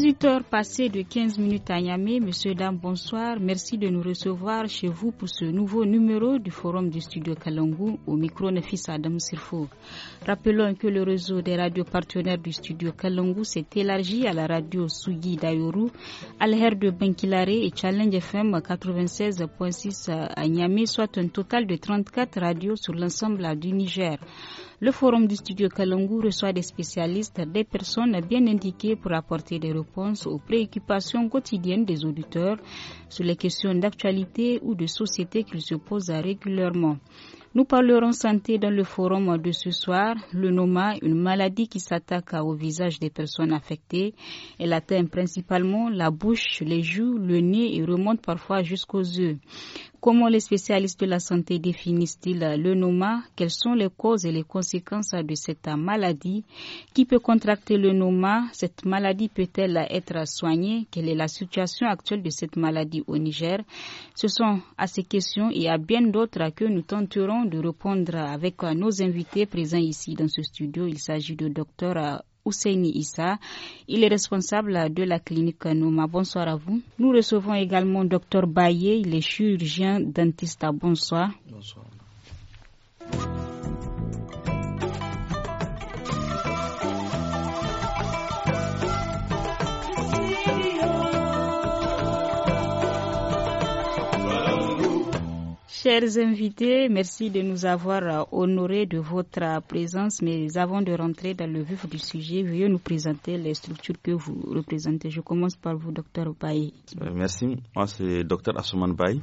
18h passées de 15 minutes à Niamey. Monsieur, dame, bonsoir. Merci de nous recevoir chez vous pour ce nouveau numéro du Forum du Studio Kalangou au micro Nefis Adam Sirfou. Rappelons que le réseau des radios partenaires du Studio Kalangou s'est élargi à la radio Sugi Dayoru, Alher de Benkilare et Challenge FM 96.6 à Niamey, soit un total de 34 radios sur l'ensemble du Niger. Le forum du studio Kalangu reçoit des spécialistes, des personnes bien indiquées pour apporter des réponses aux préoccupations quotidiennes des auditeurs sur les questions d'actualité ou de société qu'ils se posent régulièrement. Nous parlerons santé dans le forum de ce soir. Le NOMA, une maladie qui s'attaque au visage des personnes affectées. Elle atteint principalement la bouche, les joues, le nez et remonte parfois jusqu'aux yeux. Comment les spécialistes de la santé définissent-ils le NOMA Quelles sont les causes et les conséquences de cette maladie Qui peut contracter le NOMA Cette maladie peut-elle être soignée Quelle est la situation actuelle de cette maladie au Niger Ce sont à ces questions et à bien d'autres que nous tenterons de répondre avec nos invités présents ici dans ce studio. Il s'agit de Dr Ousseini Issa. Il est responsable de la clinique Nouma. Bonsoir à vous. Nous recevons également docteur Baye, il est chirurgien dentiste. Bonsoir. Bonsoir. chers invités, merci de nous avoir euh, honorés de votre présence. Mais avant de rentrer dans le vif du sujet, veuillez nous présenter les structures que vous représentez. Je commence par vous, docteur Baye. Euh, merci. Moi, c'est docteur Assouman Baye,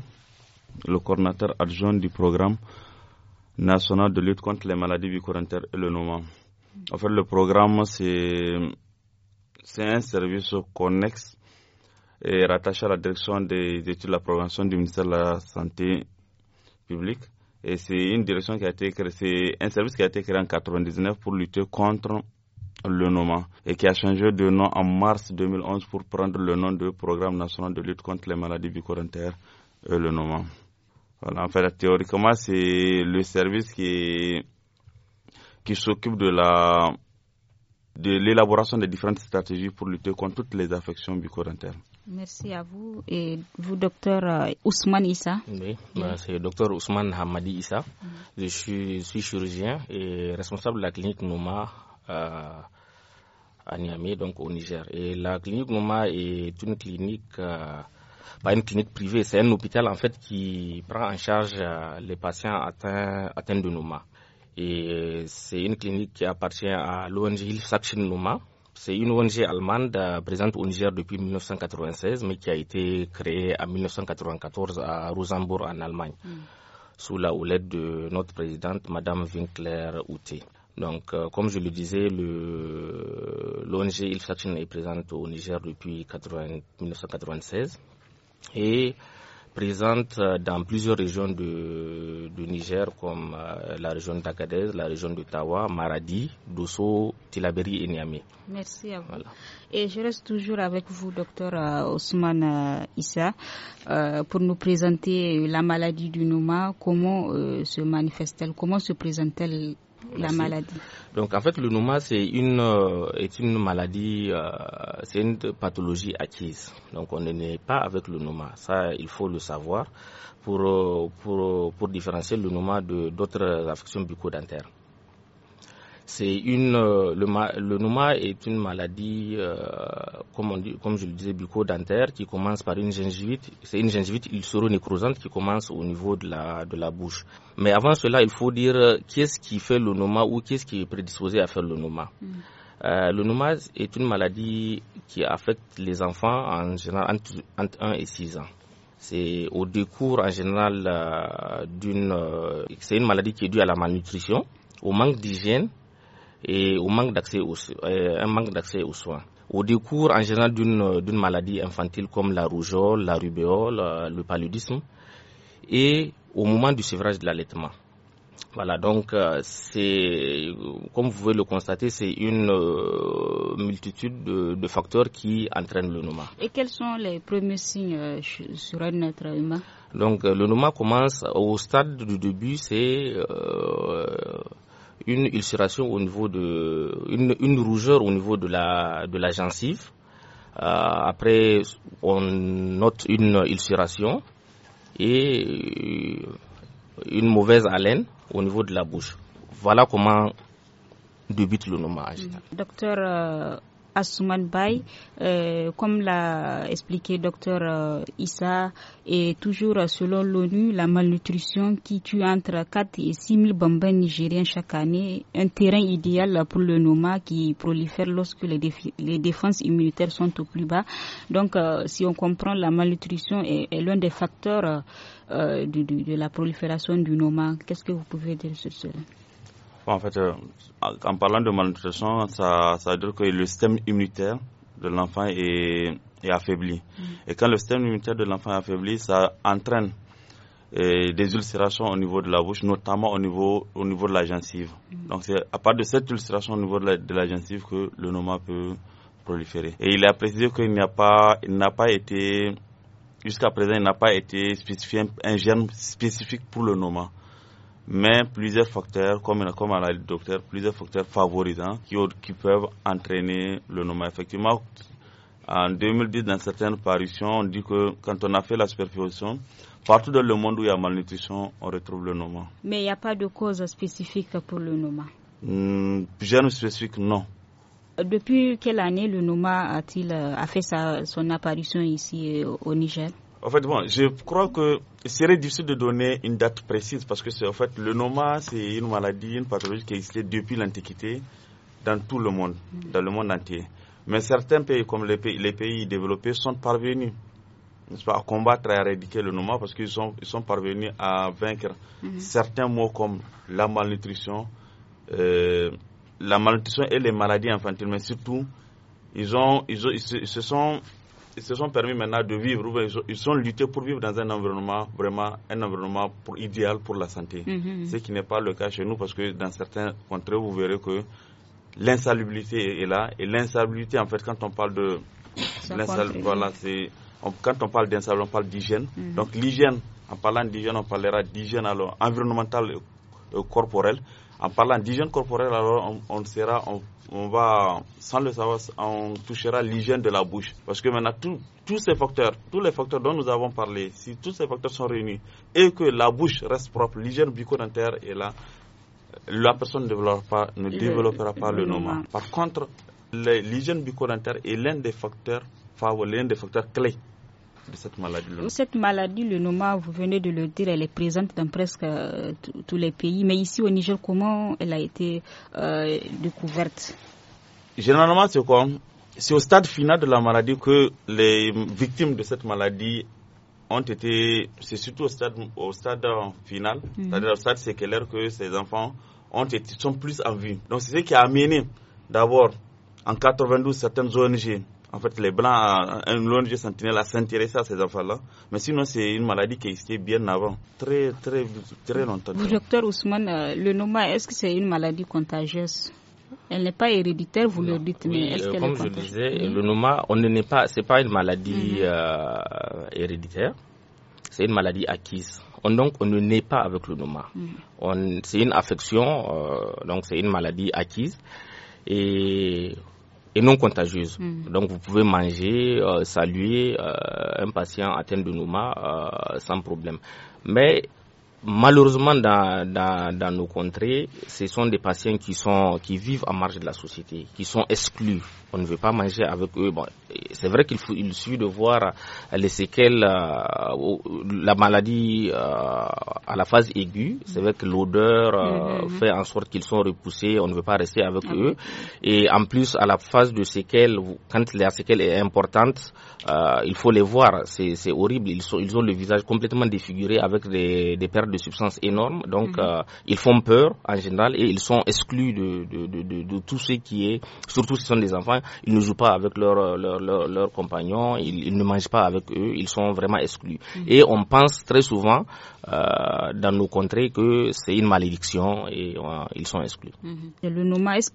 le coordinateur adjoint du programme national de lutte contre les maladies bucco et le nom. En fait, le programme, c'est un service connexe et rattaché à la direction des études de la prévention du ministère de la Santé public Et c'est une direction qui a été créée, un service qui a été créé en 1999 pour lutter contre le Noma et qui a changé de nom en mars 2011 pour prendre le nom de Programme national de lutte contre les maladies bucco et euh, le Noma. Voilà, en fait, théoriquement, c'est le service qui, qui s'occupe de la de l'élaboration des différentes stratégies pour lutter contre toutes les affections bucco Merci à vous et vous, docteur euh, Ousmane Issa. Oui, c'est bah, c'est docteur Ousmane Hamadi Issa. Mm-hmm. Je, suis, chirurgien et responsable de la clinique Noma euh, à, Niamey, donc au Niger. Et la clinique Noma est une clinique, euh, pas une clinique privée, c'est un hôpital en fait qui prend en charge les patients atteints, de Noma. Et c'est une clinique qui appartient à l'ONG Sachin Noma c'est une ONG allemande euh, présente au Niger depuis 1996, mais qui a été créée en 1994 à rosenbourg en Allemagne, mm. sous la houlette de notre présidente, Madame Winkler Houté. Donc, euh, comme je le disais, l'ONG Ilf est présente au Niger depuis 1996. Et présente euh, dans plusieurs régions du, Niger, comme euh, la région d'Agadez, la région d'Ottawa, Maradi, Dosso, Tilaberi et Niamey. Merci à vous. Et je reste toujours avec vous, docteur euh, Ousmane Issa, pour nous présenter la maladie du Noma, Comment se manifeste-t-elle Comment se présente-t-elle donc en fait, le NOMA c'est une euh, est une maladie, euh, c'est une pathologie acquise. Donc on n'est pas avec le NOMA, ça il faut le savoir pour euh, pour pour différencier le NOMA de d'autres affections bucco c'est une euh, le, le est une maladie, euh, comme, comme je le disais, bucco-dentaire qui commence par une gingivite. C'est une gingivite ulcero nécrosante qui commence au niveau de la, de la bouche. Mais avant cela, il faut dire euh, qu'est-ce qui fait le nouma ou qu'est-ce qui est prédisposé à faire le nouma. Mm. Euh, le nouma est une maladie qui affecte les enfants en général entre, entre 1 et 6 ans. C'est au décours en général euh, d'une. c'est une maladie qui est due à la malnutrition, au manque d'hygiène et au manque d'accès aux, euh, un manque d'accès aux soins. Au décours en général d'une euh, maladie infantile comme la rougeole, la rubéole, euh, le paludisme, et au moment du sevrage de l'allaitement. Voilà, donc euh, c'est, comme vous pouvez le constater, c'est une multitude de, facteurs qui entraînent le noma. Et quels sont les premiers signes sur un être humain Donc le noma commence au stade du début, c'est une ulcération au niveau de, une, une rougeur au niveau de la, de la gencive. Euh, après, on note une ulcération et euh, une mauvaise haleine au niveau de la bouche. Voilà comment débute le nommage. Docteur euh, Assouman Bay, euh, comme l'a expliqué docteur euh, Issa, et toujours euh, selon l'ONU, la malnutrition qui tue entre 4 et 6 000 bambins nigériens chaque année, un terrain idéal pour le NOMA qui prolifère lorsque les, défenses immunitaires sont au plus bas. Donc, si on comprend, la malnutrition est, l'un des facteurs de, de la prolifération du NOMA. Qu'est-ce que vous pouvez dire sur cela en fait, euh, en parlant de malnutrition, ça, veut dire que le système immunitaire de l'enfant est, affaibli. Mm-hmm. Et quand le système immunitaire de l'enfant est affaibli, ça entraîne euh, des ulcérations au niveau de la bouche, notamment au niveau, au niveau de la gencive. Mm-hmm. Donc c'est à part de cette ulcération au niveau de la, gencive que le noma peut proliférer. Et il a précisé qu'il n'a pas, il n'a pas été, jusqu'à présent, il n'a pas été spécifié un germe spécifique pour le noma mais plusieurs facteurs, comme, comme l'a dit docteur, plusieurs facteurs favorisants qui, peuvent entraîner le noma. Effectivement, en 2010, dans certaines parutions, on dit que quand on a fait la superfusion, partout dans le monde où il y a malnutrition, on retrouve le noma. Mais il n'y a pas de cause spécifique pour le noma mmh, spécifique, non. Depuis quelle année le noma a-t-il euh, fait sa, son apparition ici euh, au Niger en fait, bon, je crois que serait difficile de donner une date précise parce que c'est en fait le noma, c'est une maladie, une pathologie qui existait depuis l'Antiquité dans tout le monde, dans le monde entier. Mais certains pays, comme les pays, les pays développés, sont parvenus pas, à combattre, et à éradiquer le noma parce qu'ils sont, ils sont parvenus à vaincre mhm. certains mots comme la malnutrition, euh, la malnutrition et les maladies infantiles, mais surtout ils, ont, ils, se, sont ils se sont permis maintenant de vivre, ils, sont, luttés pour vivre dans un environnement vraiment un environnement pour, idéal pour la santé. Mm-hmm. Ce qui n'est pas le cas chez nous parce que dans certains contrées, vous verrez que l'insalubrité est là. Et l'insalubrité, en fait, quand on parle de voilà, c'est quand on parle d'insalubrité, on parle d'hygiène. Mm-hmm. Donc l'hygiène, en parlant d'hygiène, on parlera d'hygiène alors environnementale et corporelle. En parlant d'hygiène corporelle, alors on, on sera, on, va, sans le savoir, on touchera l'hygiène de la bouche. Parce que maintenant, tous ces facteurs, tous les facteurs dont nous avons parlé, si tous ces facteurs sont réunis et que la bouche reste propre, l'hygiène bucco-dentaire est là, la personne ne développera pas, le, nom. Par contre, l'hygiène bucco-dentaire est l'un des facteurs, l'un des facteurs clés de cette maladie le... Euh, cette maladie, le Noma, vous venez de le dire, elle est présente dans presque euh, tous les pays. Mais ici au Niger, comment elle a été euh, découverte Généralement, c'est C'est au stade final de la maladie que les victimes de cette maladie ont été. C'est surtout au stade, au stade final, mhm. c'est-à-dire au stade séculaire que ces enfants ont été, sont plus en vie. Donc c'est ce qui a amené d'abord en 92 certaines ONG en fait, les Blancs, euh, un l'ONG Sentinelle a s'intéressé à ces enfants là Mais sinon, c'est une maladie qui existait bien avant, très, très, très longtemps. docteur Ousmane, euh, le noma, est-ce que c'est une maladie contagieuse elle n'est pas héréditaire, vous le dites, oui, mais est-ce euh, qu'elle Comme je disais, le noma, ce n'est pas, pas une maladie mhm. héréditaire, c'est une maladie acquise. On, donc, on ne naît pas avec le noma. Mhm. C'est une affection, donc c'est une maladie acquise. Et et non contagieuse. Hmm. Donc vous pouvez manger, euh, saluer euh, un patient atteint de Nouma euh, sans problème. Mais malheureusement dans, nos contrées, ce sont des patients qui, sont, qui vivent à marge de la société, qui sont exclus on ne veut pas manger avec eux. Bon, c'est vrai qu'il faut, il suffit de voir euh, les séquelles, euh, la maladie euh, à la phase aiguë. C'est vrai que l'odeur mm-hmm, mm-hmm. fait en sorte qu'ils sont repoussés, on ne veut pas rester avec ah eux. Et en plus, à la phase de séquelles, quand la séquelle est importante, il faut les voir. C'est horrible. Ils, sont, ils ont le visage complètement défiguré avec des, des pertes de substances énormes. Donc, mm-hmm. ils font peur en général et ils sont exclus de, de tout ce qui est, surtout si ce sont des enfants ils ne jouent pas avec leurs leur, euh, compagnons, ils, ne mangent pas avec eux, ils sont vraiment exclus. Mm-hmm. Et on pense très souvent euh, dans nos contrées que c'est une malédiction et euh, ils sont exclus. Mm-hmm. le noma, est-ce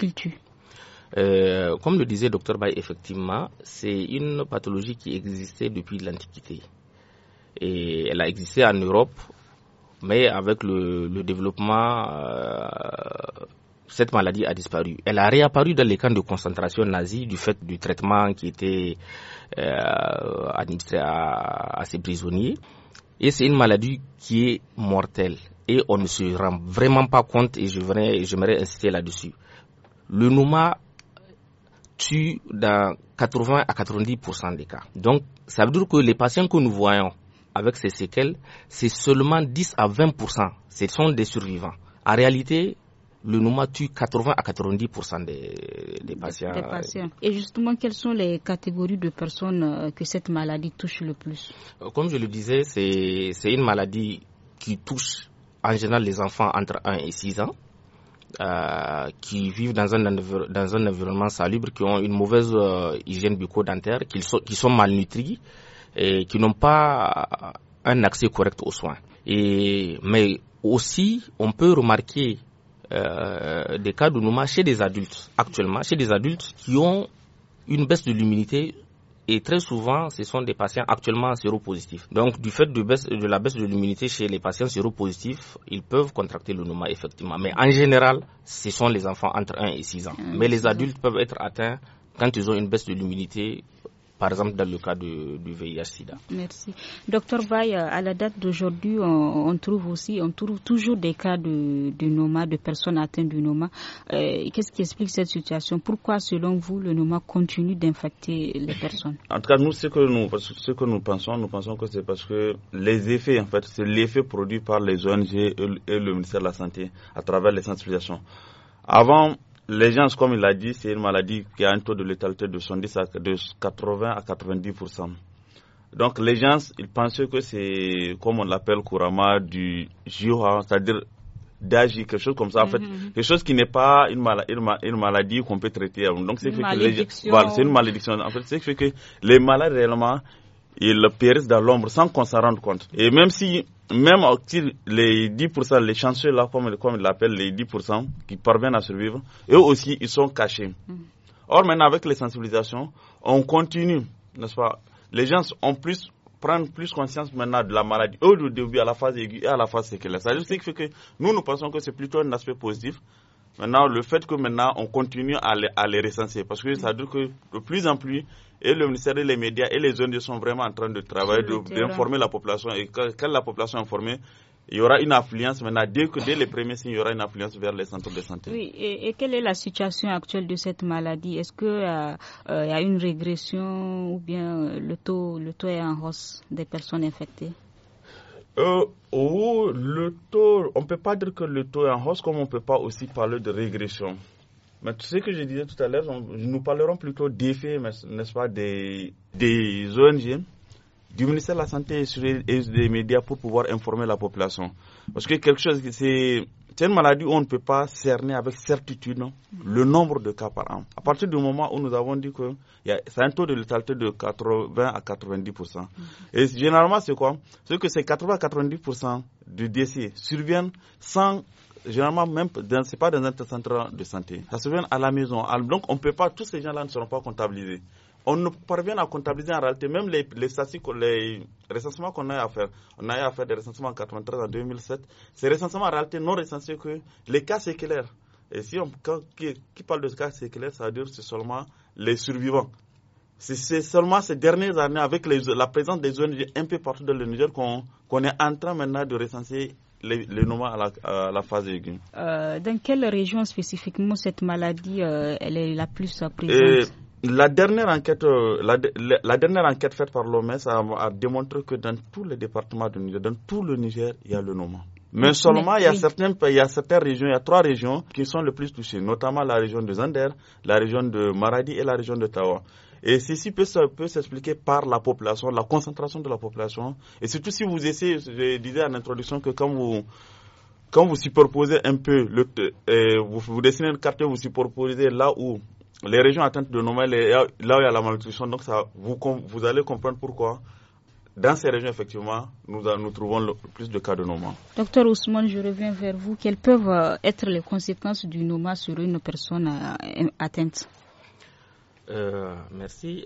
comme le disait Dr Bay, effectivement, c'est une pathologie qui existait depuis l'Antiquité. Et elle a existé en Europe, mais avec le développement cette maladie a disparu. Elle a réapparu dans les camps de concentration nazis du fait du traitement qui était euh, administré à, ces prisonniers. Et c'est une maladie qui est mortelle. Et on ne se rend vraiment pas compte, et j'aimerais insister là-dessus. Le NOMA tue dans 80 à 90% des cas. Donc, ça veut dire que les patients que nous voyons avec ces séquelles, c'est seulement 10 à 20%. Ce sont des survivants. En réalité, le NOMA tue 80 à 90% des, patients. Et justement, quelles sont les catégories de personnes euh, que cette maladie touche le plus euh, Comme je le disais, c'est une maladie qui touche en général les enfants entre 1 et 6 ans. Euh, qui vivent dans un, dans un environnement salubre, qui ont une mauvaise hygiène bucco-dentaire, qui sont, malnutris et qui n'ont pas un accès correct aux soins. Et, mais aussi, on peut remarquer euh, des cas nouma chez des adultes, actuellement, chez des adultes qui ont une baisse de l'immunité et très souvent, ce sont des patients actuellement séropositifs. Donc, du fait de, la baisse de l'immunité chez les patients séropositifs, ils peuvent contracter le noma, effectivement. Mais en général, ce sont les enfants entre 1 et 6 ans. Ah, Mais les adultes peuvent être atteints quand ils ont une baisse de l'immunité par exemple dans le cas du, VIH-Sida. Merci. Docteur Baye, à la date d'aujourd'hui, on, trouve aussi, on trouve toujours des cas de, de NOMA, de personnes atteintes du NOMA. Euh, qu'est-ce qui explique cette situation Pourquoi, selon vous, le NOMA continue d'infecter les personnes En tout cas, nous, ce que nous, que nous pensons, nous pensons que c'est parce que les effets, en fait, c'est l'effet produit par les ONG et le ministère de la Santé à travers les sensibilisations. Avant, les gens, comme il l'a dit, c'est une maladie qui a un taux de létalité de, 70 à, 80 à 90 Donc les gens, ils pensent que c'est, comme on l'appelle couramment, du jura, c'est-à-dire d'agir, quelque chose comme ça, en fait, mhm, mhm. quelque chose qui n'est pas une, maladie qu'on peut traiter. Donc, c'est une, malédiction. C'est une malédiction. En fait, c'est que les malades réellement, ils périssent dans l'ombre sans qu'on s'en rende compte. Et même si, même les 10%, les chanceux là, comme, comme ils l'appellent, les 10% qui parviennent à survivre, eux aussi, ils sont cachés. Mm. Or, maintenant, avec les sensibilisations, on continue, n'est-ce pas Les gens ont plus prendre plus conscience maintenant de la maladie, au début, à la phase aiguë et à la phase séquelle. Ça à dire que nous, nous pensons que c'est plutôt un aspect positif, Maintenant, le fait que maintenant on continue à les, recenser, parce que ça veut dire que de plus en plus, et le ministère des médias et les ONG sont vraiment en train de travailler, d'informer la population. Et quand, la population est informée, il y aura une affluence maintenant. Dès que dès les premiers signes, il y aura une affluence vers les centres de santé. Oui, et, quelle est la situation actuelle de cette maladie Est-ce qu'il euh, euh, y a une régression ou bien le taux, le taux est en hausse des personnes infectées euh, oh, le taux, on ne peut pas dire que le taux est en hausse, comme on ne peut pas aussi parler de régression. Mais tu sais que je disais tout à l'heure, nous parlerons plutôt d'effets, n'est-ce pas, des, des ONG, du ministère de la Santé et des médias pour pouvoir informer la population. Parce que quelque chose, qui c'est c'est une maladie où on ne peut pas cerner avec certitude le nombre de cas par an. À partir du moment où nous avons dit que c'est un taux de létalité de 80 à 90%. Et généralement, c'est quoi C'est que ces 80 à 90% de décès surviennent sans généralement même c'est pas dans un centre de santé. Ça survient à la maison. Ah, donc on ne peut pas tous ces gens-là ne seront pas comptabilisés on ne parvient à comptabiliser en réalité même les, les, les recensements qu'on a à faire. On a eu à faire des recensements en 93 en 2007. Ces recensements en réalité non recensés que les cas séculaires. Et si on qui, parle de cas séculaires, ça veut dire c'est seulement les survivants. C'est seulement ces dernières années, avec la présence des ONG un peu partout dans le Niger, qu'on est en train maintenant de recenser les, les à, la, phase aiguë. Euh, dans quelle région spécifiquement cette maladie euh, elle est la plus présente la dernière enquête, euh, la, dernière enquête faite par l'OMS a, démontré que dans tous les départements du Niger, dans tout le Niger, il y a le Noma. Mais seulement, il, y a il y a certaines régions, il y a trois régions qui sont les plus touchées, notamment la région de Zander, la région de Maradi et la région de Tawa. Et ceci peut, s'expliquer par la population, la concentration de la population. Et surtout si vous essayez, je disais en introduction que quand vous, quand vous superposez un peu, euh, vous, dessinez une carte, vous superposez là où les régions atteintes de nomades, là où il y a la malnutrition, donc ça, vous, vous allez comprendre pourquoi. Dans ces régions, effectivement, nous, nous trouvons le, plus de cas de noma. Docteur Ousmane, je reviens vers vous. Quelles peuvent euh, être les conséquences du noma sur une personne euh, atteinte euh, Merci.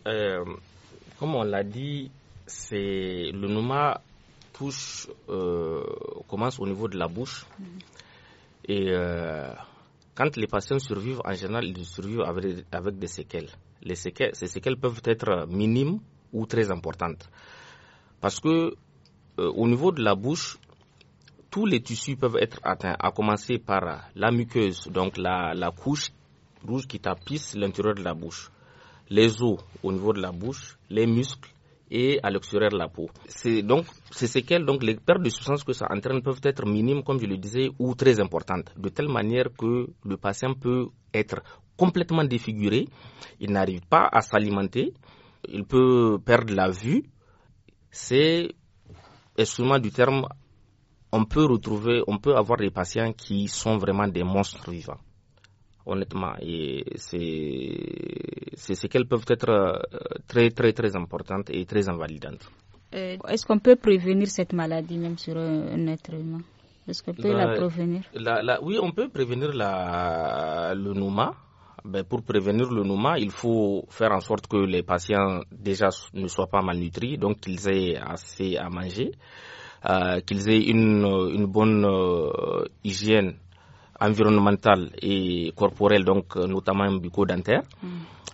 comme on l'a dit, c'est le noma touche, commence au niveau de la bouche. Mm. Et quand les patients survivent, en général, ils survivent avec, des séquelles. Les séquelles. Ces séquelles peuvent être minimes ou très importantes. Parce que euh, au niveau de la bouche, tous les tissus peuvent être atteints, à commencer par la muqueuse, donc la, la couche rouge qui tapisse l'intérieur de la bouche, les os au niveau de la bouche, les muscles, et à l'extérieur la peau. C'est donc ce qu'elle donc les pertes de substance que ça entraîne peuvent être minimes, comme je le disais, ou très importantes, de telle manière que le patient peut être complètement défiguré, il n'arrive pas à s'alimenter, il peut perdre la vue. C'est, est moi du terme, on peut retrouver, on peut avoir des patients qui sont vraiment des monstres vivants honnêtement. Et c'est ce qu'elles peuvent être euh, très, très, très importantes et très invalidantes. Euh, est-ce qu'on peut prévenir cette maladie même sur un être humain Est-ce qu'on peut la, euh, prévenir la, la, Oui, on peut prévenir le nouma. Ben, pour prévenir le nouma, il faut faire en sorte que les patients déjà ne soient pas malnutris, donc qu'ils aient assez à manger, qu'ils aient une, une bonne hygiène environnementales et corporelles, donc euh, notamment bucco dentaire mm.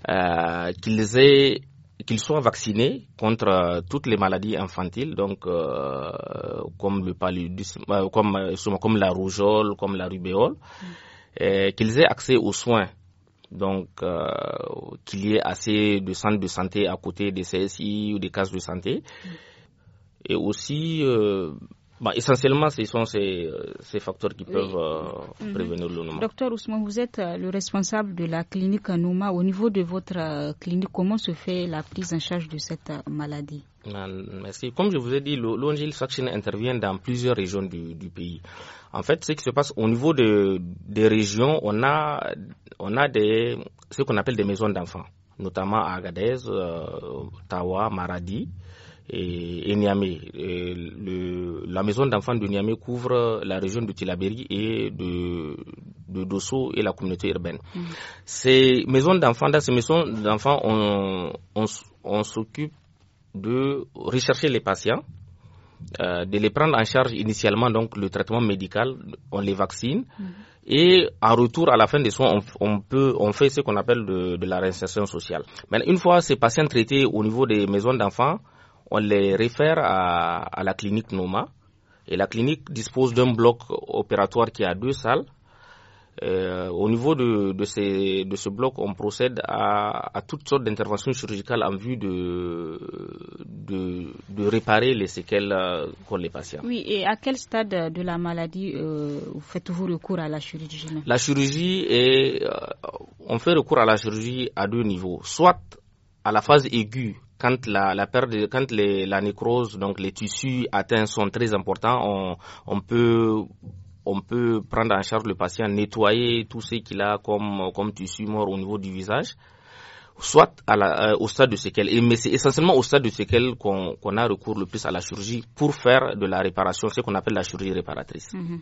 euh, qu'ils aient qu'ils soient vaccinés contre euh, toutes les maladies infantiles, donc euh, comme le paludisme, comme, comme la rougeole, comme la rubéole, mm. qu'ils aient accès aux soins donc euh, qu'il y ait assez de centres de santé à côté des CSI ou des cases de santé. Mm. Et aussi, euh, bah, Essentiellement, ce sont ces, euh, facteurs qui peuvent euh, mhm. prévenir le Noma. Docteur Ousmane, vous êtes euh, le responsable de la clinique Noma. Au niveau de votre clinique, comment se fait la prise en charge de cette maladie ah, Merci. Comme je vous ai dit, l'ONG Faction intervient dans plusieurs régions du, pays. En fait, ce qui se passe au niveau de, des régions, on a, on a des, ce qu'on appelle des maisons d'enfants, notamment à Agadez, euh, Tawa, Maradi et, Niamey. le, la maison d'enfants de Niamey couvre la région de Tilaberi et de, de Dosso et la communauté urbaine. Mhm. Ces maisons d'enfants, dans ces maisons d'enfants, on, on, s'occupe de rechercher les patients, euh, de les prendre en charge initialement, donc le traitement médical, on les vaccine. Mhm. Et en retour, à la fin des soins, on, on peut, on fait ce qu'on appelle de, de la réinsertion sociale. Mais une fois ces patients traités au niveau des maisons d'enfants, on les réfère à, la clinique Noma. Et la clinique dispose d'un bloc opératoire qui a deux salles. Euh, au niveau de, de, ces, de, ce bloc, on procède à, à toutes sortes d'interventions chirurgicales en vue de, de, réparer les séquelles euh, qu'ont les patients. Oui, et à quel stade de la maladie euh, faites-vous recours à la chirurgie La chirurgie est. on fait recours à la chirurgie à deux niveaux. Soit à la phase aiguë, quand la, la perte, quand les, la nécrose, donc les tissus atteints sont très importants, on, on peut on peut prendre en charge le patient, nettoyer tout ce qu'il a comme, comme tissu mort au niveau du visage soit euh, au stade de séquelles. mais c'est essentiellement au stade de séquelles qu'on a recours le plus à la chirurgie pour faire de la réparation, ce qu'on appelle la chirurgie réparatrice. Mhm.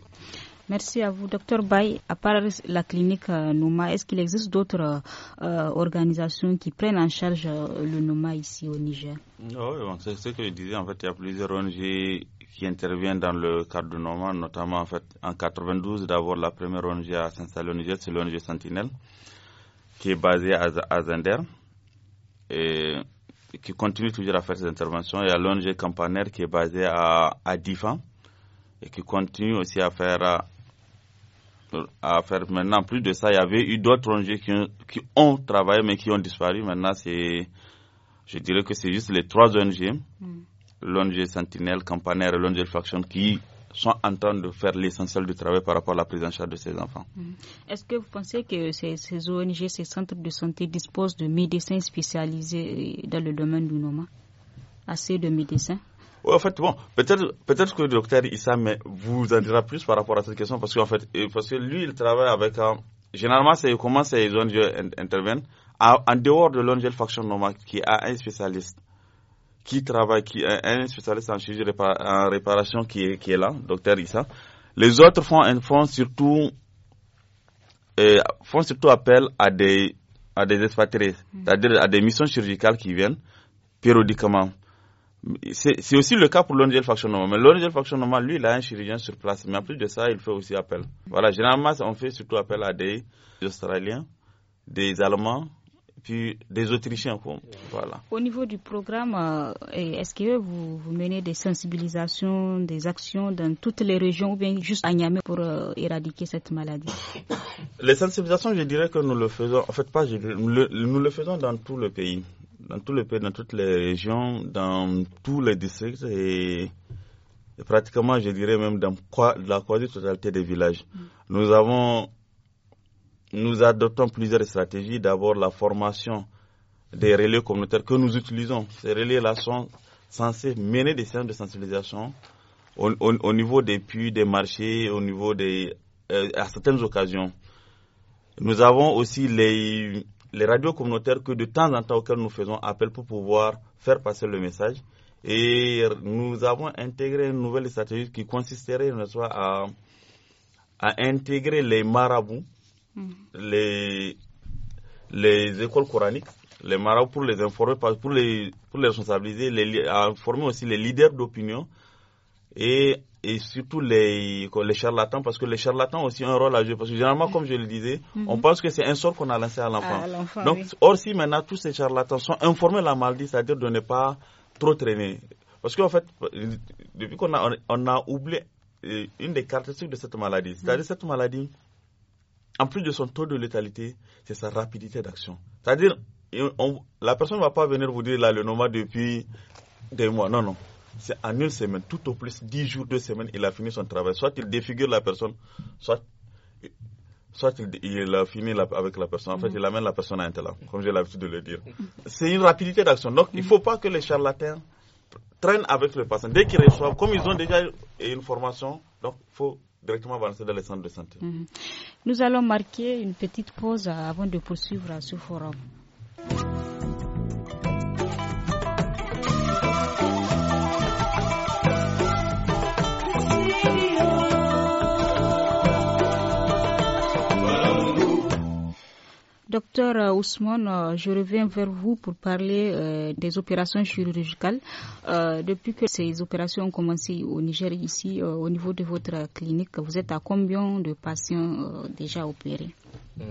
Merci à vous, docteur Bay. À part la clinique euh, NOMA, est-ce qu'il existe d'autres euh, organisations qui prennent en charge le NOMA ici au Niger oh, Oui, c'est ce que je disais. En fait, il y a plusieurs ONG qui interviennent dans le cadre de NOMA, notamment en fait en 92. d'avoir la première ONG à s'installer au Niger, c'est l'ONG Sentinelle qui est basé à, Zender et qui continue toujours à faire ses interventions. Il y a l'ONG Campaner qui est basé à, à Difa et qui continue aussi à faire, à, faire maintenant. Plus de ça, il y avait eu d'autres ONG qui, ont travaillé mais qui ont disparu. Maintenant, c'est, je dirais que c'est juste les trois ONG. Hmm. L'ONG Sentinelle, Campaner et l'ONG Faction qui sont en train de faire l'essentiel du travail par rapport à la prise en charge de ces enfants. Mm. Est-ce que vous pensez que ces, ONG, ces centres de santé disposent de médecins spécialisés euh, dans le domaine du Noma Assez de médecins oui, en fait, bon, peut-être peut que le docteur Issa vous en dira plus par rapport à cette question parce qu'en fait, euh, parce que lui, il travaille avec. Euh, généralement, c'est comment ces ONG interviennent en, dehors de l'ONG Faction Noma qui a un spécialiste qui travaille, qui est un spécialiste en chirurgie en réparation qui est, qui est là, docteur Issa. Les autres font, font surtout euh, font surtout appel à des à des expatriés, hmm. c'est-à-dire à des missions chirurgicales qui viennent périodiquement. C'est aussi le cas pour l'ONGL Factionnement. Mais l'ONGL Factionnement, lui, il a un chirurgien sur place. Mais en plus de ça, il fait aussi appel. Voilà, généralement, on fait surtout appel à des Australiens, des Allemands, puis des Autrichiens. Voilà. Au niveau du programme, euh, est-ce que vous, menez des sensibilisations, des actions dans toutes les régions ou bien juste à Niamey pour euh, éradiquer cette maladie Les sensibilisations, je dirais que nous le faisons, en fait pas, je, nous, le, nous le faisons dans tout le pays, dans tout le pays, dans toutes les régions, dans tous les districts et pratiquement, je dirais même dans la quasi-totalité des villages. Mm. Nous avons nous adoptons plusieurs stratégies. D'abord, la formation des relais communautaires que nous utilisons. Ces relais-là sont censés mener des séances de sensibilisation au, niveau des puits, des marchés, au niveau des, euh, à certaines occasions. Nous avons aussi les, radios communautaires que de temps en temps auxquelles nous faisons appel pour pouvoir faire passer le message. Et nous avons intégré une nouvelle stratégie qui consisterait, à intégrer les marabouts les, les écoles coraniques, les marabouts, pour les informer, pour les, pour les responsabiliser, informer aussi les leaders d'opinion et, et, surtout les, les charlatans, parce que les charlatans aussi un rôle à jouer. Parce que généralement, comme je le disais, mhm. on pense que c'est un sort qu'on a lancé à l'enfant. Donc, aussi or si maintenant tous ces charlatans sont informés de la maladie, c'est-à-dire de ne pas trop traîner. Parce qu'en fait, depuis qu'on a, on a oublié euh, une des caractéristiques de cette maladie, c'est-à-dire mhm. cette maladie, en plus de son taux de létalité, c'est sa rapidité d'action. C'est-à-dire, la personne ne va pas venir vous dire là le nomade depuis des mois. Non, non. C'est en une semaine, tout au plus dix jours, deux semaines, il a fini son travail. Soit il défigure la personne, soit, soit il, a fini avec la personne. En fait, il amène la personne à un tel comme j'ai l'habitude de le dire. C'est une rapidité d'action. Donc, il ne faut pas que les charlatans traînent avec le patient. Dès qu'ils reçoivent, comme ils ont déjà une formation, donc il faut directement avancer dans les centres de santé. Mm-hmm. Nous allons marquer une petite pause avant de poursuivre ce forum. Docteur euh, Ousmane, euh, je reviens vers vous pour parler euh, des opérations chirurgicales. depuis que ces opérations ont commencé au Niger, ici, au niveau de votre clinique, vous êtes à combien de patients déjà opérés mmh,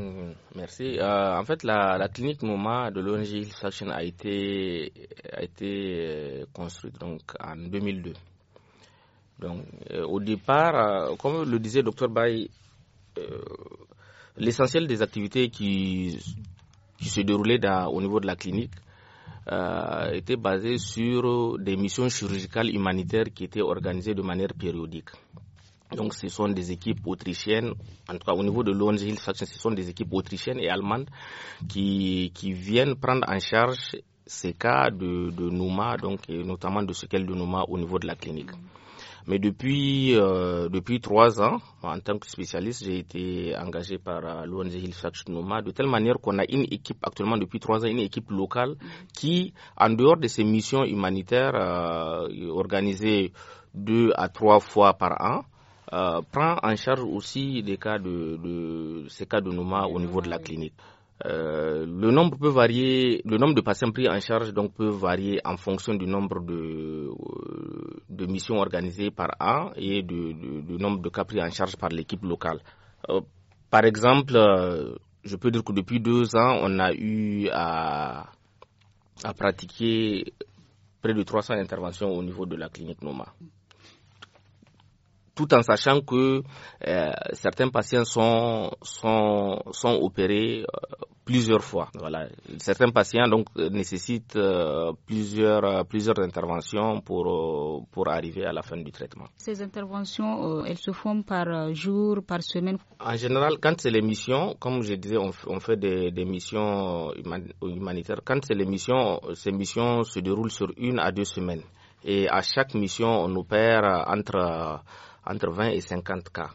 Merci. en fait, la, clinique MOMA de l'ONG a été, a été construite donc, en 2002. Donc, au départ, comme le disait docteur Baye, l'essentiel des activités qui, se déroulaient au niveau de la clinique euh, était basé sur des missions chirurgicales humanitaires qui étaient organisées de manière périodique. Donc ce sont des équipes autrichiennes, en tout cas au niveau de l'ONG ce sont des équipes autrichiennes et allemandes qui, viennent prendre en charge ces cas de, de Nouma, donc, et notamment de ce qu'est de Nouma au niveau de la clinique. Mais depuis, euh, depuis trois ans, en tant que spécialiste, j'ai été engagé par euh, l'ONG Hillsatch Noma, de telle manière qu'on a une équipe actuellement depuis trois ans, une équipe locale mm-hmm. qui, en dehors de ses missions humanitaires euh, organisées deux à trois fois par an, prend en charge aussi des cas de, de ces cas de Noma au niveau de la clinique. Euh, le nombre peut varier, le nombre de patients pris en charge donc peut varier en fonction du nombre de, euh, missions organisées par an et du, nombre de cas pris en charge par l'équipe locale. Euh, par exemple, je peux dire que depuis deux ans, on a eu à, à pratiquer près de 300 interventions au niveau de la clinique Noma tout en sachant que euh, certains patients sont, sont, sont opérés euh, plusieurs fois. Voilà. Certains patients donc nécessitent euh, plusieurs, plusieurs interventions pour, pour arriver à la fin du traitement. Ces interventions, elles se font par jour, par semaine En général, quand c'est les missions, comme je disais, on, fait des, des missions humanitaires. Quand c'est les missions, ces missions se déroulent sur une à deux semaines. Et à chaque mission, on opère entre entre 20 et 50 cas.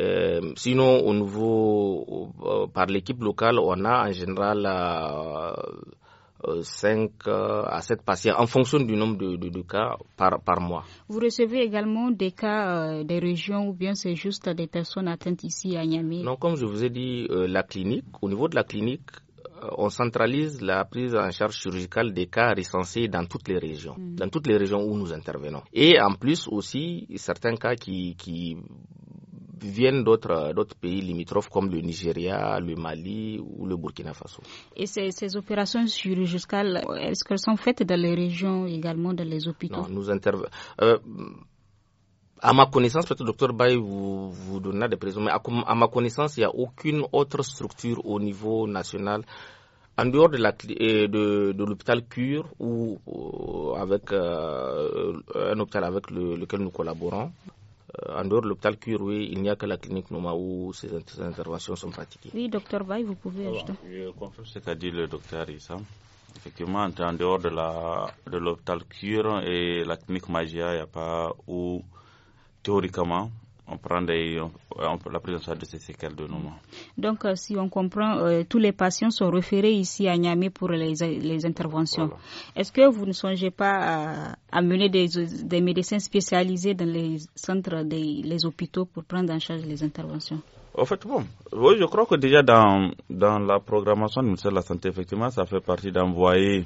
Euh, sinon, au niveau, euh, par l'équipe locale, on a en général 5 euh, à 7 patients en fonction du nombre de, cas par, mois. Vous recevez également des cas des régions ou bien c'est juste des personnes atteintes ici à Niamey Non, comme je vous ai dit, la clinique, au niveau de la clinique, euh, on centralise la prise en charge chirurgicale des cas recensés dans toutes les régions, mhm. dans toutes les régions où nous intervenons. Et en plus aussi, certains cas qui, qui viennent d'autres d'autres pays limitrophes comme le Nigeria, le Mali ou le Burkina Faso. Et ces, ces opérations chirurgicales, est-ce qu'elles sont faites dans les régions également, dans les hôpitaux Non, nous intervenons. Euh, à ma connaissance, peut-être docteur Bay vous, vous donnera des précisions, mais à, ma connaissance, il n'y a aucune autre structure au niveau national en dehors euh, de, l'hôpital Cure, ou euh, avec euh, un hôpital avec lequel nous collaborons, en dehors de l'hôpital Cure, oui, il n'y a que la clinique Noma où ces, interventions sont pratiquées. Oui, docteur Bay, vous pouvez ajouter. Je confirme ce qu'a dit le docteur Issa. Effectivement, en dehors de, de l'hôpital Cure et la clinique Magia, il n'y a pas où, théoriquement, on prend la prise en charge de ces séquelles de nos. Mm. Donc, euh, si on comprend, euh, tous les patients sont référés ici à Niamey pour les, interventions. Est-ce que vous ne songez pas à, mener des, médecins spécialisés dans les centres, des, les hôpitaux pour prendre en charge les interventions En fait, bon, oui, je crois que déjà dans, dans la programmation du ministère de la Santé, effectivement, ça fait partie d'envoyer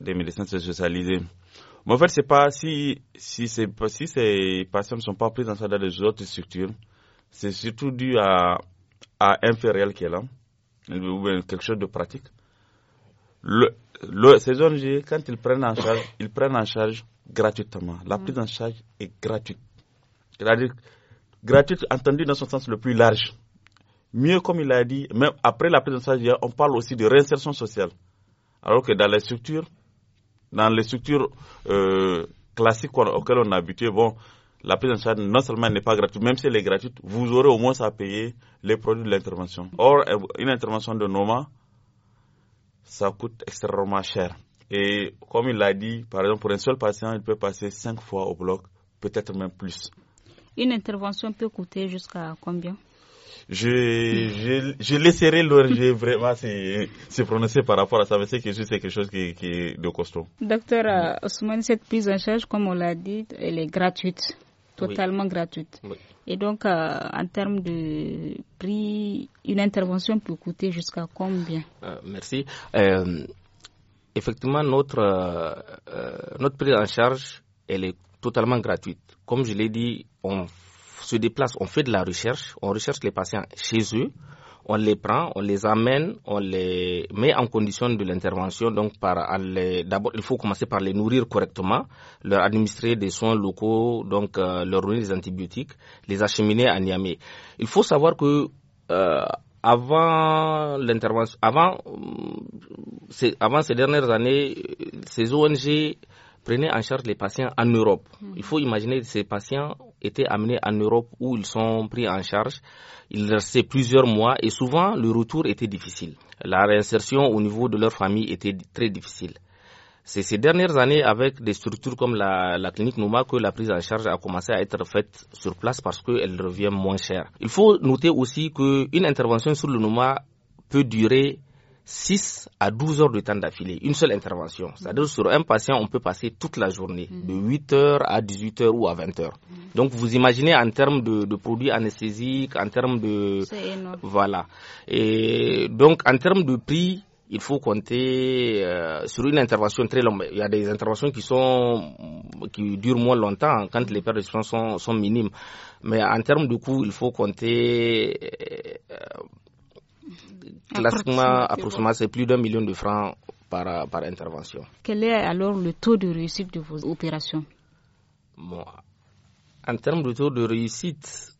des médecins spécialisés. Mais en fait, c'est pas si, si, c'est, si ces patients ne sont pas pris en charge dans les autres structures, c'est surtout dû à, à un fait réel qui est là, ou quelque chose de pratique. Le, ces ONG, quand ils prennent en charge, ils prennent en charge gratuitement. La mm. prise en charge est gratuite. C'est-à-dire gratuite entendu dans son sens le plus large. Mieux, comme il a dit, même après la prise en charge, on parle aussi de réinsertion sociale. Alors que dans les structures, dans les structures euh, classiques auxquelles on est habitué, bon, la prise en charge non seulement n'est pas gratuite, même si elle est gratuite, vous aurez au moins à payer les produits de l'intervention. Or, euh, une intervention de Noma, ça coûte extrêmement cher. Et comme il l'a dit, par exemple, pour un seul patient, il peut passer cinq fois au bloc, peut-être même plus. Une intervention peut coûter jusqu'à combien je, je, je laisserai l'ORG vraiment se, prononcer par rapport à ça, mais c'est que c'est quelque chose qui, est de costaud. Docteur euh, Ousmane, cette prise en charge, comme on l'a dit, elle est gratuite, totalement gratuite. Et donc, euh, en termes de prix, une intervention peut coûter jusqu'à combien euh, Merci. effectivement, notre, notre prise en charge, elle est totalement gratuite. Comme je l'ai dit, on se déplace, on fait de la recherche, on recherche les patients chez eux, on les prend, on les amène, on les met en condition de l'intervention. Donc, par d'abord, il faut commencer par les nourrir correctement, leur administrer des soins locaux, donc euh, leur donner des antibiotiques, les acheminer à Niamey. Il faut savoir que euh, avant l'intervention, euh, avant, ces dernières années, ces ONG prenaient en charge les patients en Europe. Mmh. Il faut imaginer ces patients étaient amenés en Europe où ils sont pris en charge. Ils restaient plusieurs mois et souvent le retour était difficile. La réinsertion au niveau de leur famille était très difficile. C'est ces dernières années avec des structures comme la, la, clinique Nouma que la prise en charge a commencé à être faite sur place parce qu'elle revient moins chère. Il faut noter aussi qu'une intervention sur le Nouma peut durer 6 à 12 heures de temps d'affilée, une seule intervention. Mm. C'est-à-dire sur un patient, on peut passer toute la journée, mm. de 8 heures à 18 heures ou à 20 heures. Mm. Donc vous imaginez en termes de, produits anesthésiques, en termes de... Voilà. Et donc en termes de prix, il faut compter euh, sur une intervention très longue. Il y a des interventions qui sont qui durent moins longtemps hein, quand les pertes de sont, sont minimes. Mais en termes de coût, il faut compter euh, Classiquement, approximativement, c'est plus d'un million de francs par, intervention. Quel est alors le taux de réussite de vos opérations En termes de taux de réussite,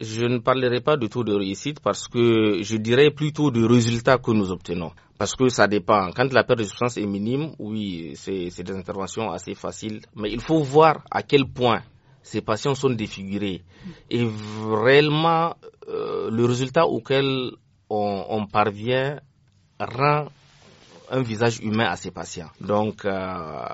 je ne parlerai pas de taux de réussite parce que je dirais plutôt de résultats que nous obtenons. Parce que ça dépend. Quand la perte de substance est minime, oui, c'est des interventions assez faciles. Mais il faut voir à quel point ces patients sont défigurés. Et réellement, euh, le résultat auquel on, on parvient rend un visage humain à ses patients. Donc, euh,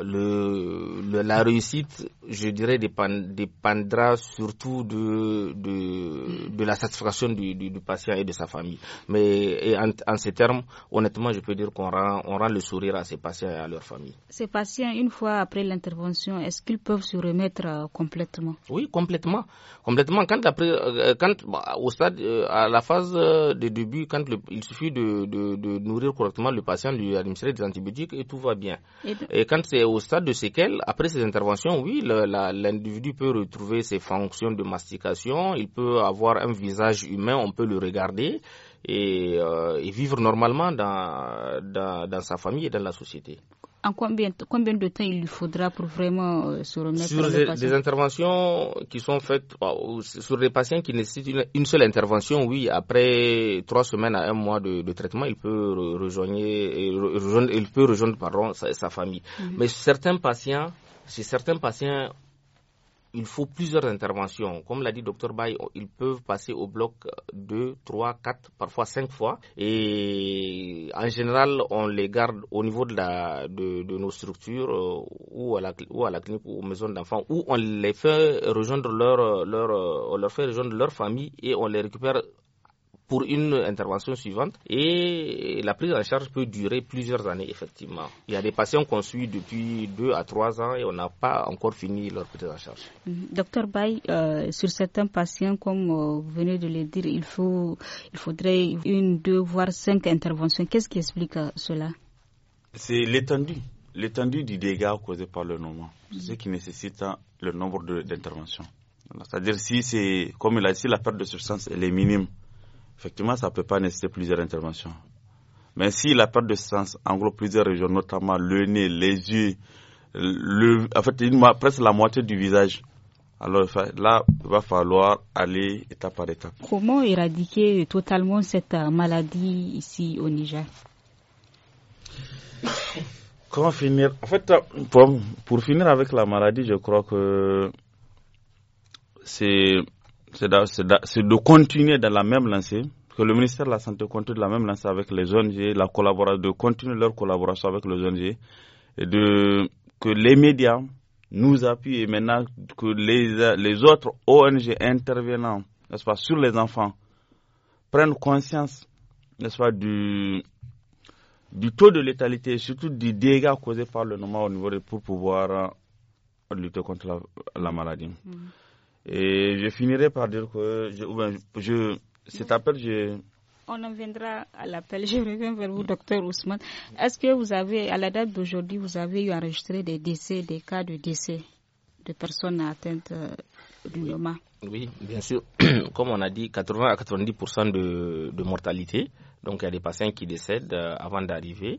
la réussite, je dirais, dépendra surtout de, la satisfaction du, patient et de sa famille. Mais en, ces termes, honnêtement, je peux dire qu'on rend, le sourire à ses patients et à leur famille. Ces patients, une fois après l'intervention, est-ce qu'ils peuvent se remettre euh, complètement Oui, complètement. Complètement. Quand, après, euh, quand bah, au stade, à la phase de début, quand il suffit de, de nourrir correctement le patient, du lui administrer des antibiotiques et tout va bien. Et, et quand c'est au stade de séquelles, après ces interventions, oui, l'individu peut retrouver ses fonctions de mastication, il peut avoir un visage humain, on peut le regarder. Euh, et, vivre normalement dans, dans, sa famille et dans la société. En combien, combien de temps il lui faudra pour vraiment euh, se remettre Sur des, interventions qui sont faites euh, sur des patients qui nécessitent une, seule intervention, oui, après trois semaines à un mois de, traitement, il peut rejoindre, il peut rejoindre pardon, sa, famille. Mhm. Mais certains patients, certains patients, il faut plusieurs interventions. Comme l'a dit Dr Bay, oh, ils peuvent passer au bloc 2, 3, 4, parfois 5 fois. Et en général, on les garde au niveau de, de, nos structures euh, ou, à la, ou à la clinique ou aux maisons d'enfants, où on les fait rejoindre leur, euh, leur, euh, leur fait rejoindre leur famille et on les récupère pour une intervention suivante et la prise en charge peut durer plusieurs années effectivement. Il y a des patients qu'on suit depuis deux à trois ans et on n'a pas encore fini leur prise en charge. Mhm. Docteur Bay, euh, sur certains patients, comme euh, vous venez de le dire, il, faut, il faudrait une, deux, voire cinq interventions. Qu'est-ce qui explique euh, cela C'est l'étendue. L'étendue du dégât causé par le moment, C'est mhm. ce qui nécessite hein, le nombre d'interventions. C'est-à-dire si c'est, comme il a dit, la perte de substance, est minime effectivement, ça ne peut pas nécessiter plusieurs interventions. Mais si la perte de sens en gros plusieurs régions, notamment le nez, les yeux, le, en fait, presque la moitié du visage, alors là, il va falloir aller étape par étape. Comment éradiquer totalement cette euh, maladie ici au Niger Comment finir En fait, pour finir avec la maladie, je crois que c'est c'est de, continuer dans la même lancée, que le ministère de la Santé continue de la même lancée avec les ONG, la collaboration, de continuer leur collaboration avec les ONG, et de, que les médias nous appuient et maintenant que les, les autres ONG intervenant sur les enfants prennent conscience, du, du taux de létalité et surtout du dégât causé par le nomad au niveau pour pouvoir lutter contre la, maladie. Mm. Et je finirai par dire que cet appel, je, on en viendra à l'appel. Je reviens vers vous, docteur Ousmane. Est-ce que vous avez, à la date d'aujourd'hui, vous avez eu enregistré des décès, des cas de décès de personnes atteintes euh, du loma oui, bien sûr. Comme on a dit, 80 à 90 de, de, mortalité. Donc il y a des patients qui décèdent euh, avant d'arriver.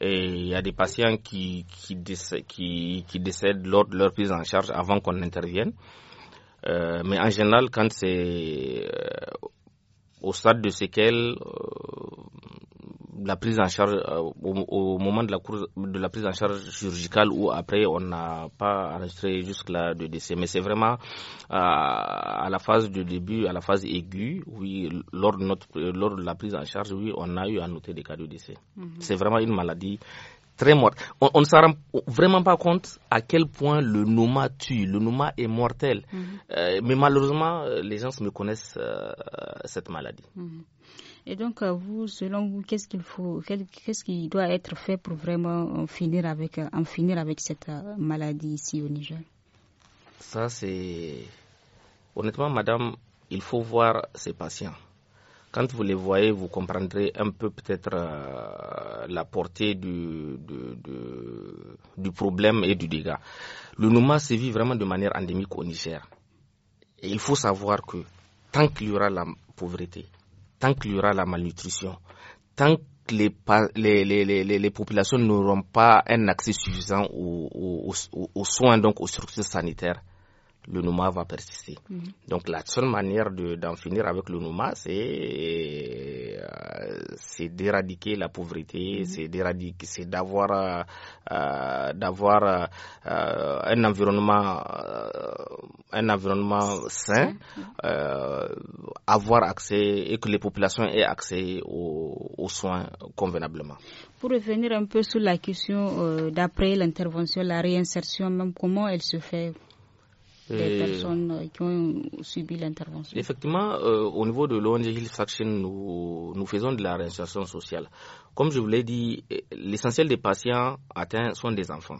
Et il y a des patients qui décèdent lors de leur prise en charge avant qu'on intervienne. Euh, mais en général, quand c'est euh, au stade de séquelles, euh, la prise en charge au, moment de la, de la prise en charge chirurgicale ou après on n'a pas enregistré jusque là de décès mais c'est vraiment à, la phase de début à la phase aiguë oui lors de notre lors de la prise en charge oui on a eu à noter des cas de décès mhm. c'est vraiment une maladie très morte. On, ne s'en rend vraiment pas compte à quel point le Nouma tue, le Nouma est mortel. Mhm. Euh, mais malheureusement, euh, les gens me connaissent euh, cette maladie. Mhm. Et donc, vous, selon vous, qu'est-ce qu'il faut, qu'est-ce qui doit être fait pour vraiment en finir avec, en finir avec cette maladie ici au Niger Ça, c'est. Honnêtement, madame, il faut voir ses patients. Quand vous les voyez, vous comprendrez un peu peut-être euh, la portée du, du, problème et du dégât. Le Nouma se vit vraiment de manière endémique au Niger. Et il faut savoir que tant qu'il y aura la pauvreté, tant qu'il y aura la malnutrition, tant que les, les, populations n'auront pas un accès suffisant aux, soins, donc aux structures sanitaires, le nouma va persister. Mhm. Donc la seule manière d'en finir avec le nouma, c'est euh, d'éradiquer la pauvreté, mhm. c'est d'avoir euh, d'avoir euh, un environnement euh, un environnement sain, avoir accès et que les populations aient accès aux, soins convenablement. Pour revenir un peu sur la question d'après l'intervention, la réinsertion, même comment elle se fait des personnes euh, qui ont subi l'intervention. Effectivement, euh, au niveau de l'ONG Health Action, nous, faisons de la réinsertion sociale. Comme je vous l'ai dit, eh, l'essentiel des patients atteints sont des enfants.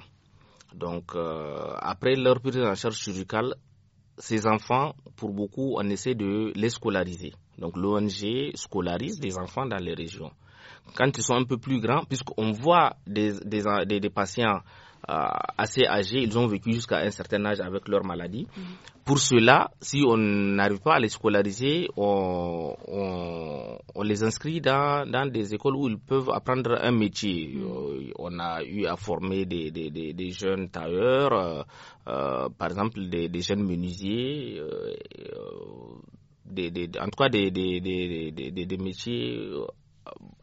Donc, euh, après leur prise en charge chirurgicale, ces enfants, pour beaucoup, on essaie de les scolariser. Donc, l'ONG scolarise des enfants dans les régions. Quand ils sont un peu plus grands, puisqu'on voit des patients euh, assez âgés, ils ont vécu jusqu'à un certain âge avec leur maladie. Mhm. Pour cela, si on n'arrive pas à les scolariser, on, on, les inscrit dans, dans, des écoles où ils peuvent apprendre un métier. Mhm. Euh, on a eu à former des, des, des, jeunes tailleurs, euh, euh par exemple des, jeunes menuisiers. Euh, des, des, en tout cas des, des métiers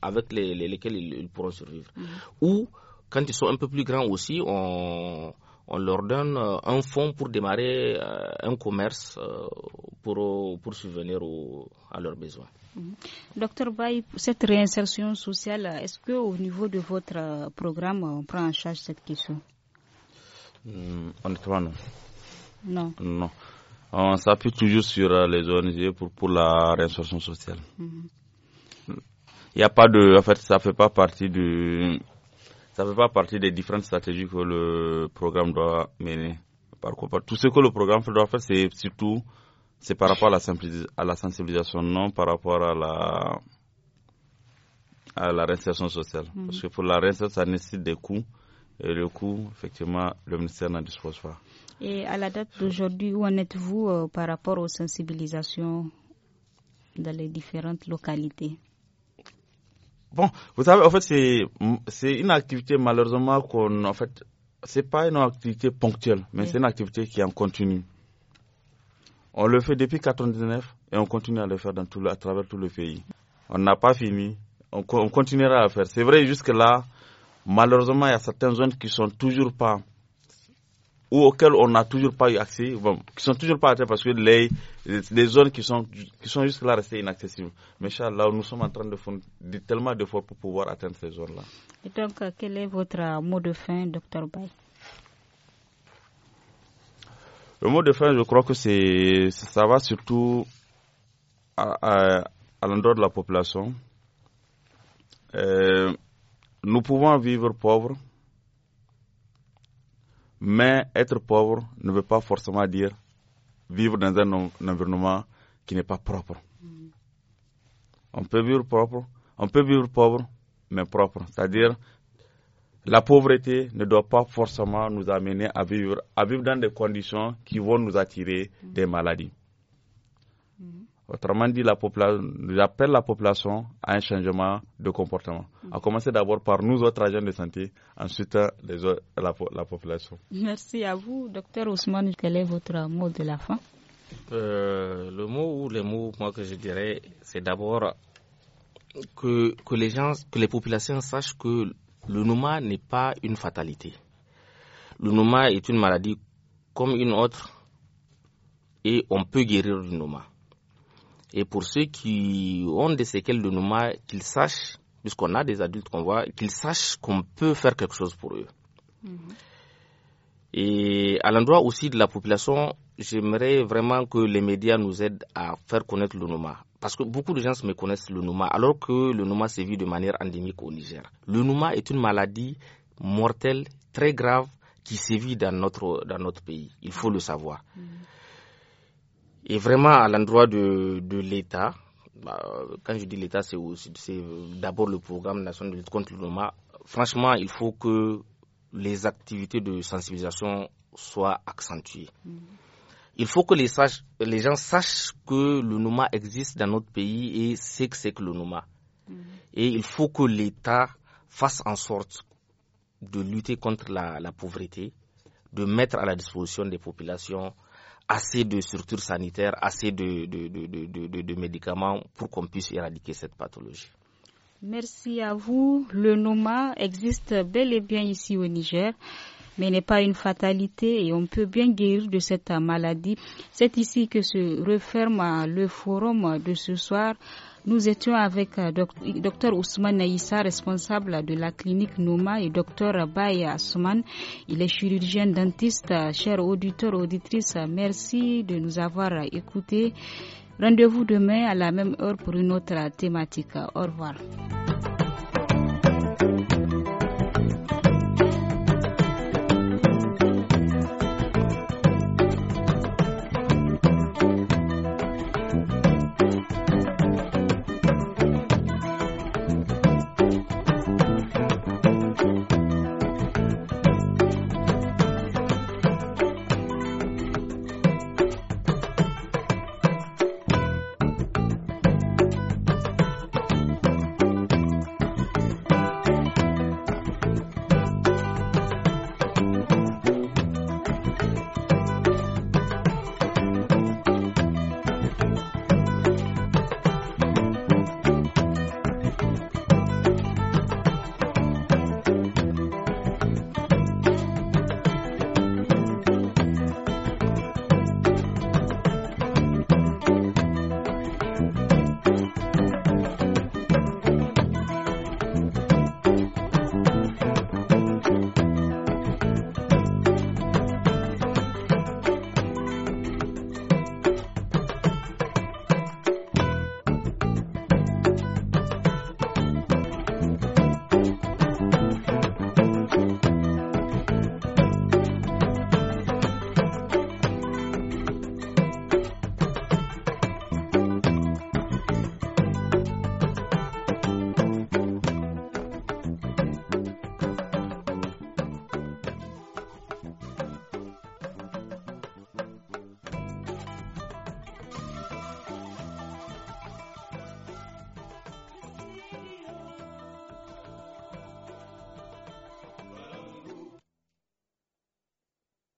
avec lesquels ils, pourront survivre. Mhm. Ou quand ils sont un peu plus grands aussi, on, leur donne euh, un fonds pour démarrer euh, un commerce euh, pour, pour subvenir à leurs besoins. Mhm. Docteur Baye, cette réinsertion sociale, est-ce qu'au niveau de votre programme, on prend en charge cette question hmm, Honnêtement, non. Non. Non. On s'appuie toujours sur les ONG pour, pour la réinsertion sociale. Mhm. Hmm. Il n'y a pas de. En fait, ça ne fait pas partie du, ça ne fait pas partie des différentes stratégies que le programme doit mener. Par contre, tout ce que le programme doit faire, c'est surtout c'est par rapport à la, sensibilisation, non par rapport à la à la réinsertion sociale. Mhm. Parce que pour la réinsertion, ça nécessite des coûts. Et le coût, effectivement, le ministère n'en dispose pas. Et à la date d'aujourd'hui, où en êtes-vous euh, par rapport aux sensibilisations dans les différentes localités Bon, vous savez, en fait, c'est une activité malheureusement qu'on, en fait, c'est pas une activité ponctuelle, mais c'est une activité qui est en continu. On le fait depuis 99 et on continue à le faire dans à travers tout le pays. On n'a pas fini, on, continuera à le faire. C'est vrai jusque là, malheureusement, il y a certaines zones qui sont toujours pas ou auxquels on n'a toujours pas eu accès, qui sont toujours pas atteints parce que les, zones qui sont, qui sont jusque-là restées inaccessibles. Mais là nous sommes en train de faire tellement d'efforts pour pouvoir atteindre ces zones-là. Et donc, euh, quel est votre euh, mot de fin, docteur Bay Le mot de fin, je crois que c'est, ça va surtout à, l'endroit de la population. Euh, nous pouvons vivre pauvres mais être pauvre ne veut pas forcément dire vivre dans un, environnement qui n'est pas propre. Mm-hmm. On peut vivre propre, on peut vivre pauvre, mais propre. C'est-à-dire, la pauvreté ne doit pas forcément nous amener à vivre, à vivre dans des conditions qui vont nous attirer des mm-hmm. maladies. Mm-hmm. Autrement dit, la j'appelle la population à un changement de comportement. À commencer d'abord par nous autres agents de santé, ensuite la, population. Merci à vous, docteur Ousmane. Quel est votre mot de la fin euh, Le mot ou les mots, moi que je dirais, c'est d'abord que, les gens, que les populations sachent que le NOMA n'est pas une fatalité. Le NOMA est une maladie comme une autre et on peut guérir le NOMA et pour ceux qui ont des séquelles de Nouma, qu'ils sachent, puisqu'on a des adultes qu'on voit, qu'ils sachent qu'on peut faire quelque chose pour eux. Mhm. Et à l'endroit aussi de la population, j'aimerais vraiment que les médias nous aident à faire connaître le Nouma. Parce que beaucoup de gens se connaissent le Nouma, alors que le Nouma sévit de manière endémique au Niger. Le Nouma est une maladie mortelle, très grave, qui sévit dans notre, dans notre pays. Il faut le savoir. Mhm. Et vraiment à l'endroit de, l'État. Bah, quand je dis l'État, c'est d'abord le programme national de lutte contre le Noma. Franchement, il faut que les activités de sensibilisation soient accentuées. Mm. Il faut que les, gens sachent que le NOMA existe dans notre pays et c'est que c'est que le NOMA. Mm. Et il faut que l'État fasse en sorte de lutter contre la, pauvreté, de mettre à la disposition des populations assez de structures sanitaires, assez de, médicaments pour qu'on puisse éradiquer cette pathologie. Merci à vous. Le NOMA existe bel et bien ici au Niger, mais n'est pas une fatalité et on peut bien guérir de cette maladie. C'est ici que se referme le forum de ce soir. Nous étions avec euh, Dr Ousmane Naïssa, responsable de la clinique Noma, et Dr Baye Souman, Il est chirurgien dentiste. Chers auditeurs, auditrices, merci de nous avoir écoutés. Rendez-vous demain à la même heure pour une autre thématique. Au revoir.